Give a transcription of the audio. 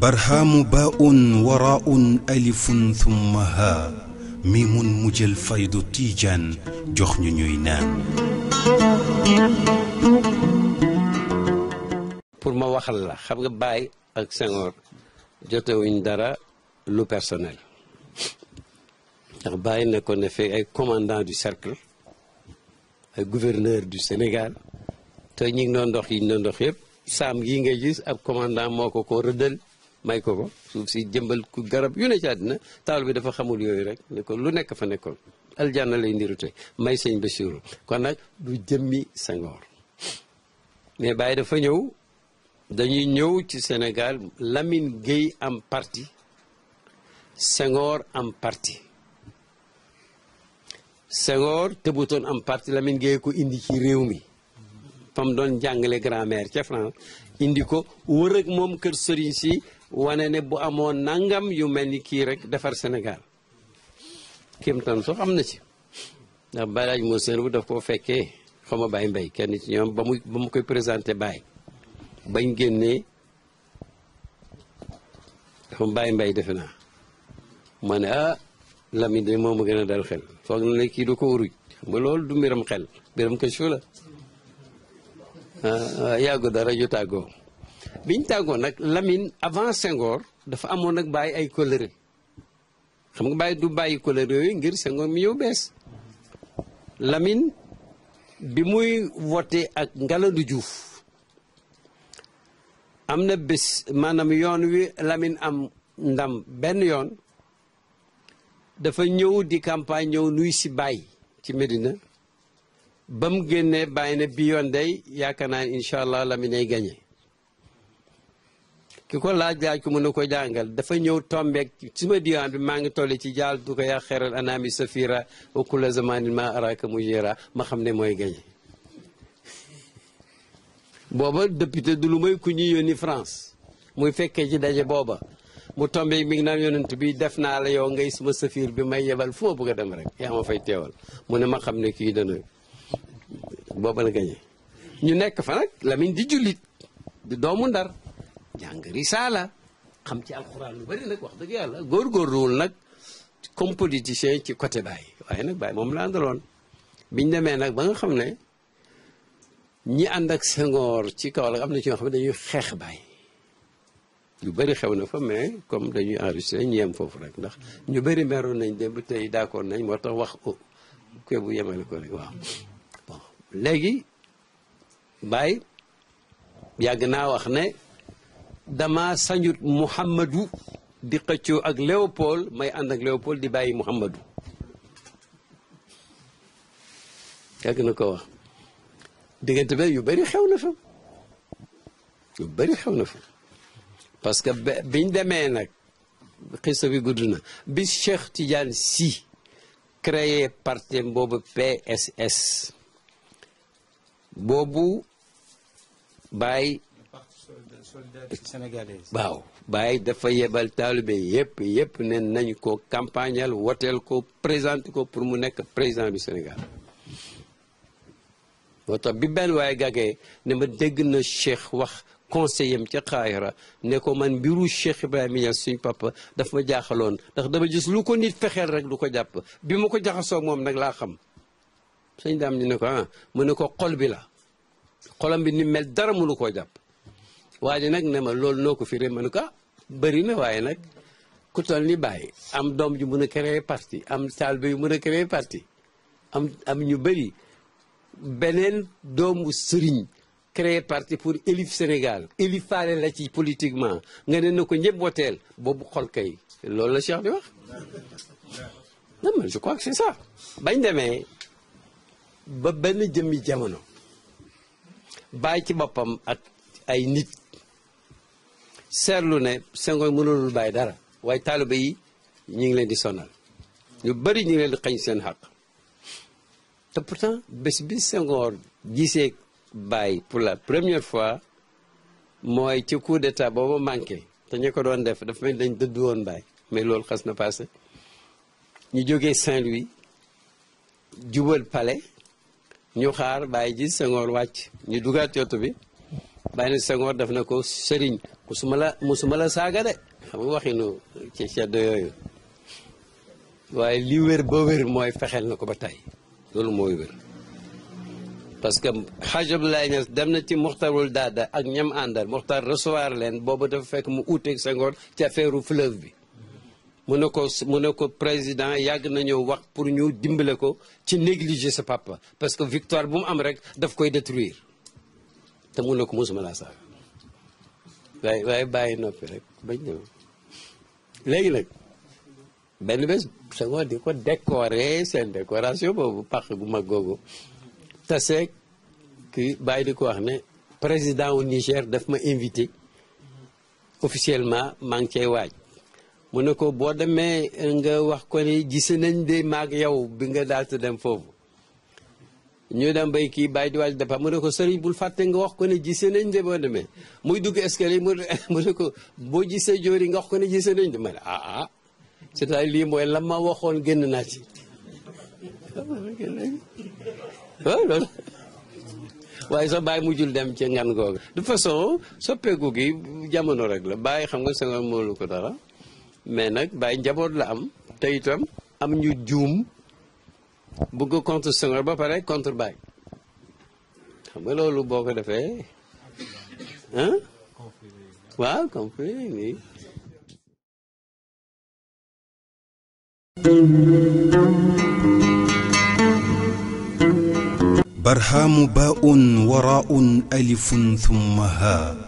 برهام باء وراء ألف ثم ها ميم مجل فيض تيجان جخن نينان pour ma waxal la xam nga Baye ak Senghor jotewuñ dara lu personnel ndax Baye nekkoon na fi ay commandant du cercle ay gouverneur du Sénégal te ñu ngi doon dox yi ñu doon dox yëpp saam yi ngay gis ab commandant moo ko ko rëddal may ko ko suuf si jëmbal ku garab yu ne ci àddina taal bi dafa xamul yooyu rek ne ko lu nekk fa nekkoon aljanna lay ndiru tey may sëñ Bassirou kon nag du jëmmi sengoor mais Baye dafa ñëw dañuy ñëw ci senegal Lamine géey am parti Senghor am parti Senghor tëbutoon am parti lamin Gueye ko indi ci réew mi fa mu doon jàngale grammaire ca France indi ko wër moom kër sëriñ si wane ne bu amoon nangam yu mel ni kii rek defar Sénégal kéemtaan soo am na si ndax balaaj moo seen bu daf koo fekkee xaw ma Baye Mbaye kenn si ñoom ba muy koy présenté Baye bañ génnee dafa Baye defe naa ma ne ah Lamine de moom a gën a dal xel foog na kii du ko uruj xam nga loolu du mbiram xel mbiram kër Euh, euh, yàggu dara ñu tàggoo biñ tàggoo nag Lamine avant Senghor dafa amoon ak bàyyi ay colère xam nga bàyyi du bàyyi colère yooyu ngir Senghor mi ñëw bees Lamine bi muy wote ak Ngalandou juuf am na bés maanaam yoon wi lamin am ndam benn yoon dafa ñëw di campagne ñëw nuy si bàyyi ci Medina. ba mu génnee bàyyi ne bi yoon day yaakaar naa incha allah la mi nay gañe ki ko laaj-laaj ko mën na ko jàngal dafa ñëw tombeek suma diwaan bi maa ngi toll ci jaal du ko yaa xeeral anaami safira wa kulla zamanin ma araka mujira ma xam ne mooy gañe booba député du lu may ku ñuy yónni France muy fekkee ci daje booba mu tombee mi ngi naan yonent bi def naa la yow ngay suma safiir bi may yebal fu ma bëgg a dem rek yaa ma fay teewal mu ne ma xam ne kii dana booba la gañe ñu nekk fa nag Lamine di jullit di doomu ndar jàng risaala xam ci alxuraan lu bari nag wax dëgg yàlla góor góor góorgóorluwul nag comme politicien ci côté Baye waaye nag Baye moom la àndaloon biñ demee nag ba nga xam ne ñi ànd ak Senghor ci kaw la am na ci ñoo xam ne dañuy xeex Baye lu bëri xew na fa mais comme dañuy enregistré ñu yem foofu rek ndax ñu bëri meroon nañ démb tey d'accord nañ moo tax wax ko bu yemale ko rek waaw léegi Baye yàgg naa wax ne dama sañut Muhammadu di xëccoo ak Léopold may ànd ak Léopold di bàyyi Muhammadu yàgg na ko wax diggante bi yu bëri xew na fa yu bëri xew na fa parce que biñ demee nag xista bi gudd na bi Cheikh Tidiane Sy créé parti boobu PSS boobu Baye. waaw Baye dafa yebal taalibe yëpp yëpp ne nañ ko campagnal woteel ko présente ko pour mu nekk président du Sénégal. moo bi benn waaye gàggee ne ma dégg na Cheikh wax conseiller am ca Xaahira ne ko man mbiru Cheikh Ibrahima Niass suñ papa dafa jaaxaloon ndax dama gis lu ko nit fexeel rek lu ko jàpp bi ma ko jaxasoo moom nag laa xam. sëñ daam ñu ne ko ah mu ne ko xol bi la xolam bi ni mel dara mënu koo jàpp waa ji nag ne ma loolu noo ko firee ne ko ah na ku toll ni am dom ju mën créer parti am taalibe yu mën créer parti am am ñu bëri beneen doomu serigne créer parti pour élire Sénégal élire faale la ci politiquement nga ne na ko ñëpp woteel xol kay loolu la Cheikh di wax non mais je crois que c'est ça bañ démé ba benn jëmmi jamono bàyyi ci boppam ak ay nit seetlu ne Senghor mënulul bàyyi dara waaye taaliba yi ñu ngi leen di sonal ñu bari ñu ngi leen di xañ seen xaq te pourtant bés bi Senghor gisee bàyyi pour la première fois mooy ci coup d'état booba manqué te ñu ko doon def dafa mel dañ dëdd woon mais loolu xas na passé ñu jóge Saint-Louis jubal palais ñu xaar bàyyi ji Senghor wàcc ñu dugaat yotu bi bàyyi na Senghor def na ko sëriñ musuma la musuma la saaga de xam nga waxinu ci ceddo yooyu waaye li wér ba wér mooy fexeel na ko ba tey loolu mooy wér parce que Hadj Abdoulaye Niass dem na ci Muxtarul Daada ak ñam àndal Muxtar recevoir leen boobu dafa fekk mu uuteeg Senghor ci affaire fleuve bi mu ne ko mu ne ko président yàgg nañoo wax pour ñu dimbale ko ci négliger sa papa parce que victoire bu mu am rek daf koy détruire te mu ne ko mosuma laa saaga waaye bàyyi noppi rek bañ ñëw léegi nag benn bés Senghor di ko décorer seen décoration boobu pàq bu mag googu taseeg ki bàyyi di ko wax ne président wu Niger daf ma invité officiellement maa ngi cay waaj mu ne ko boo demee nga wax ko ni gis nañ de maag yow bi nga daal di dem foofu ñu dem bay kii bàyyi di waaj départ mu ne ko sëriñ bul fàtte nga wax ko ne gisee nañ de boo demee muy dugg escalier mu ne ko boo gisee joori nga wax ko ne gisee nañ de ma ne ah ah cest à lii mooy la ma waxoon génn naa ci waaw ah, loolu waaye sax bàyyi mujjul dem ci ngan googu de façon soppeeku gi jamono rek la bàyyi xam nga sangoon moolu ko dara mais nak bay njabot la am te itam am ñu juum bugg contre seigneur ba pare contre bay xam nga lolu boko ko hein ah waaw compris nii برهام باء وراء ألف ثم هاء